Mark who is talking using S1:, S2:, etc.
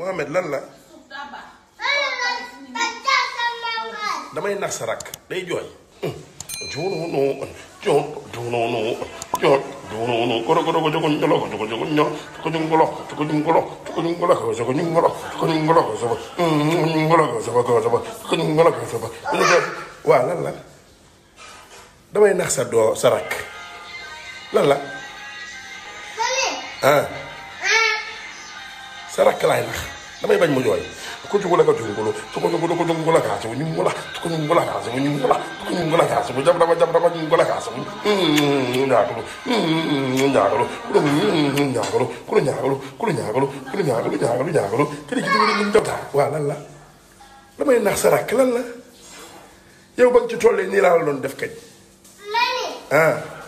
S1: Mohamed lan la. damay nax sa rakk day jooy. jununu jun jununu jun jununu koro koro ko jogo ñolo ko jogo jogo ño ko ñu ngolo ko ñu ngolo ko ñu ngolo ko waa lan la damay nax sa doo sa rakk lan la ah la la mia moglie casa sa casa laay nax damay bañ mu jooy kucugula ka cugulu tukocugulu kucugula kaa sugu ñungula tukuñungula kaa sugu ñungula tukuñungula kaa sugu jabraba jabraba ñungula kaa sugu ñaakulu ñaakulu kulu ñaakulu kulu ñaakulu kulu ñaakulu kulu ñaakulu ñaakulu ñaakulu kiri kiti wiri ñu jota waa lan la damay nax sa rakk lan la yow ba ci tollee nii laa la doon def kañ ah